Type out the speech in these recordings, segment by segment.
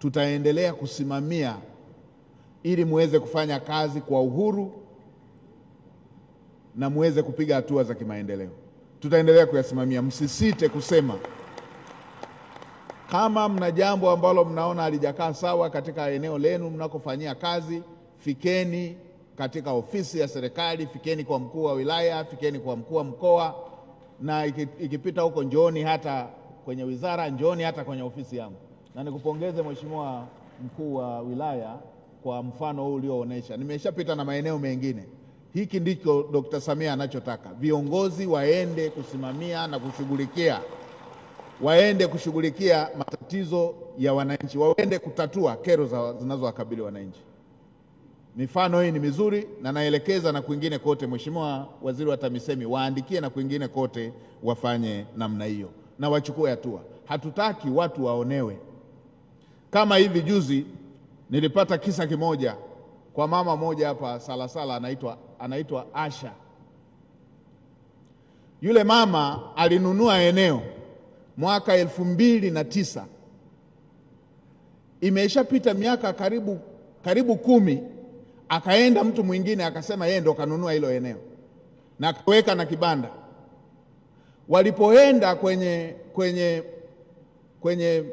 tutaendelea kusimamia ili muweze kufanya kazi kwa uhuru na muweze kupiga hatua za kimaendeleo. Tutaendelea kuyasimamia, msisite kusema. Kama mna jambo ambalo mnaona halijakaa sawa katika eneo lenu mnakofanyia kazi, fikeni katika ofisi ya serikali, fikeni kwa mkuu wa wilaya, fikeni kwa mkuu wa mkoa, na ikipita huko, njooni hata kwenye wizara, njooni hata kwenye ofisi yangu na nikupongeze Mheshimiwa mkuu wa wilaya kwa mfano huu ulioonesha. Nimeshapita na maeneo mengine, hiki ndicho Dkt. Samia anachotaka viongozi waende kusimamia na kushughulikia, waende kushughulikia matatizo ya wananchi, waende kutatua kero zinazowakabili wananchi. Mifano hii ni mizuri na naelekeza na kwingine kote. Mheshimiwa Waziri wa TAMISEMI, waandikie na kwingine kote wafanye namna hiyo na wachukue hatua. Hatutaki watu waonewe. Kama hivi juzi nilipata kisa kimoja kwa mama moja hapa Salasala, anaitwa anaitwa Asha. Yule mama alinunua eneo mwaka elfu mbili na tisa, imeshapita miaka karibu karibu kumi. Akaenda mtu mwingine akasema yeye ndo kanunua hilo eneo na kaweka na kibanda. Walipoenda kwenye, kwenye, kwenye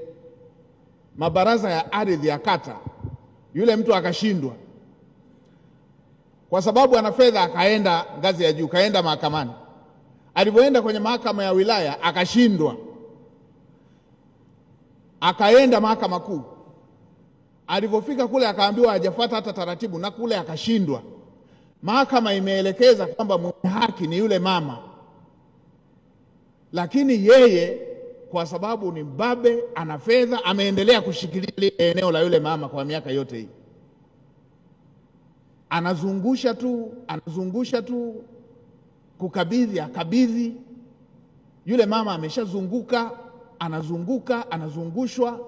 mabaraza ya ardhi ya kata, yule mtu akashindwa kwa sababu ana fedha, akaenda ngazi ya juu, kaenda mahakamani. Alipoenda kwenye mahakama ya wilaya akashindwa, akaenda mahakama kuu. Alipofika kule akaambiwa hajafuata hata taratibu, na kule akashindwa. Mahakama imeelekeza kwamba mwenye haki ni yule mama, lakini yeye kwa sababu ni mbabe, ana fedha, ameendelea kushikilia lile eneo la yule mama kwa miaka yote hii. Anazungusha tu, anazungusha tu, kukabidhi akabidhi. Yule mama ameshazunguka, anazunguka, anazungushwa,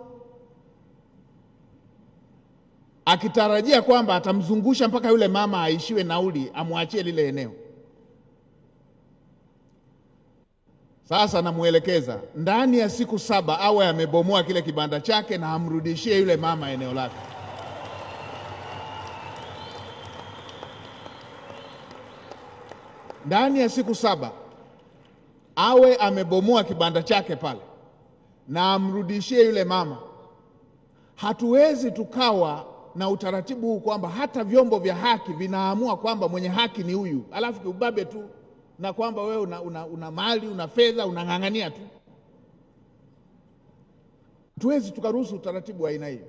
akitarajia kwamba atamzungusha mpaka yule mama aishiwe nauli, amwachie lile eneo. Sasa namwelekeza ndani ya siku saba awe amebomoa kile kibanda chake na amrudishie yule mama eneo lake. Ndani ya siku saba awe amebomoa kibanda chake pale na amrudishie yule mama. Hatuwezi tukawa na utaratibu huu kwamba hata vyombo vya haki vinaamua kwamba mwenye haki ni huyu, alafu kiubabe tu na kwamba wewe una, una, una mali una fedha unang'ang'ania tu. Hatuwezi tukaruhusu utaratibu wa aina hiyo.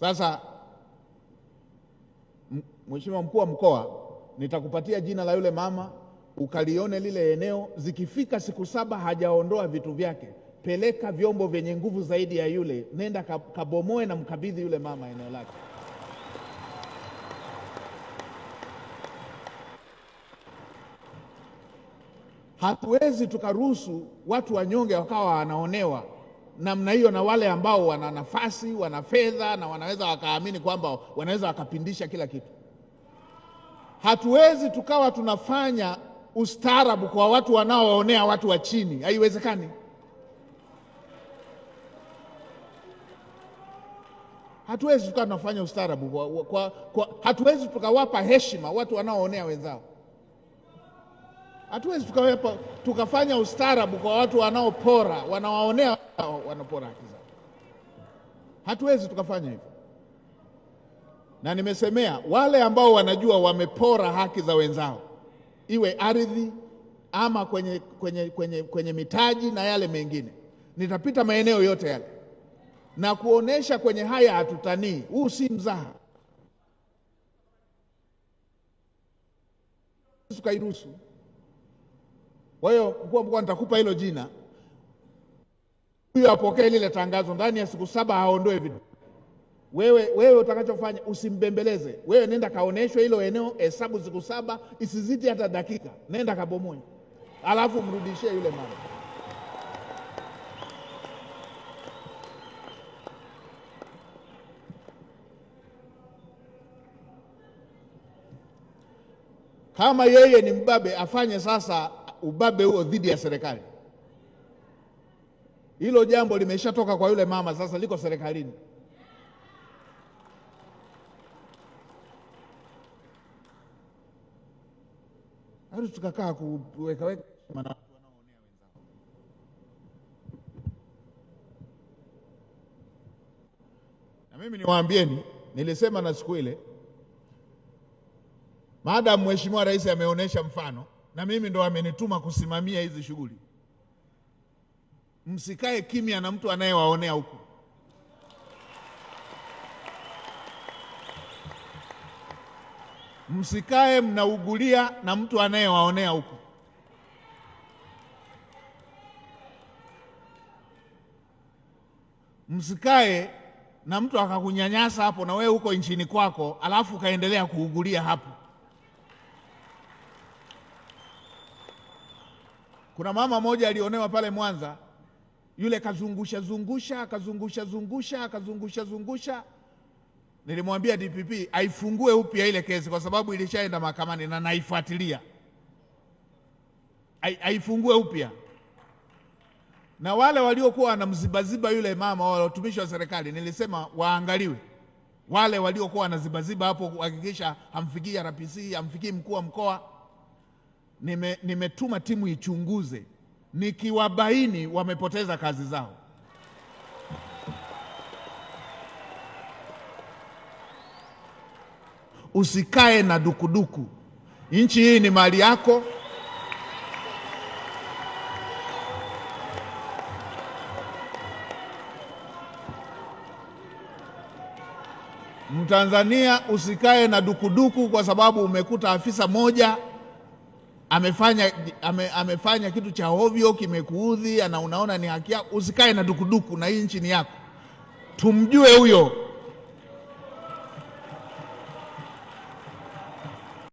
Sasa Mheshimiwa mkuu wa mkoa, nitakupatia jina la yule mama ukalione lile eneo. Zikifika siku saba hajaondoa vitu vyake, peleka vyombo vyenye nguvu zaidi ya yule, nenda kabomoe na mkabidhi yule mama eneo lake. Hatuwezi tukaruhusu watu wanyonge wakawa wanaonewa namna hiyo na wale ambao wana nafasi, wana fedha na wanaweza wakaamini kwamba wanaweza wakapindisha kila kitu. Hatuwezi tukawa tunafanya ustaarabu kwa watu wanaoonea watu wa chini, haiwezekani. Hatuwezi tukawa tunafanya ustaarabu kwa, kwa, kwa, hatuwezi tukawapa heshima watu wanaoonea wenzao. Hatuwezi tukawepa tukafanya ustaarabu kwa watu wanaopora, wanawaonea wanapora haki zao. Hatuwezi tukafanya hivyo, na nimesemea wale ambao wanajua wamepora haki za wenzao, iwe ardhi ama kwenye, kwenye, kwenye, kwenye mitaji na yale mengine. Nitapita maeneo yote yale na kuonesha kwenye haya hatutanii, huu si mzaha, tukairuhusu kwa hiyo mkuu wa mkoa nitakupa hilo jina, huyo apokee lile tangazo ndani ya siku saba, haondoe vitu. Wewe, wewe utakachofanya usimbembeleze, wewe nenda kaoneshwe hilo eneo, hesabu siku saba, isizidi hata dakika, nenda kabomoe, alafu mrudishie yule mama. Kama yeye ni mbabe afanye sasa ubabe huo dhidi ya serikali. Hilo jambo limeshatoka kwa yule mama, sasa liko serikalini. Hadi tukakaa weka maana na mimi niwaambieni, nilisema na siku ile, maadamu Mheshimiwa Rais ameonyesha mfano na mimi ndo amenituma kusimamia hizi shughuli. Msikae kimya na mtu anayewaonea huko. Msikae mnaugulia na mtu anayewaonea huko. Msikae na mtu akakunyanyasa hapo na wewe huko nchini kwako, alafu ukaendelea kuugulia hapo. Kuna mama moja alionewa pale Mwanza, yule kazungusha zungusha akazungusha zungusha akazungusha zungusha. Nilimwambia DPP aifungue upya ile kesi kwa sababu ilishaenda mahakamani na naifuatilia, aifungue upya na wale waliokuwa wanamzibaziba yule mama, wale watumishi wa serikali, nilisema waangaliwe wale waliokuwa wanazibaziba hapo, kuhakikisha hamfikii RPC, hamfikii mkuu wa mkoa nime, nimetuma timu ichunguze, nikiwabaini wamepoteza kazi zao. Usikae na dukuduku. Nchi hii ni mali yako. Mtanzania usikae na dukuduku kwa sababu umekuta afisa moja amefanya ame, amefanya kitu cha ovyo kimekuudhi, na unaona ni haki yako, usikae na dukuduku na hii nchi ni yako. Tumjue huyo.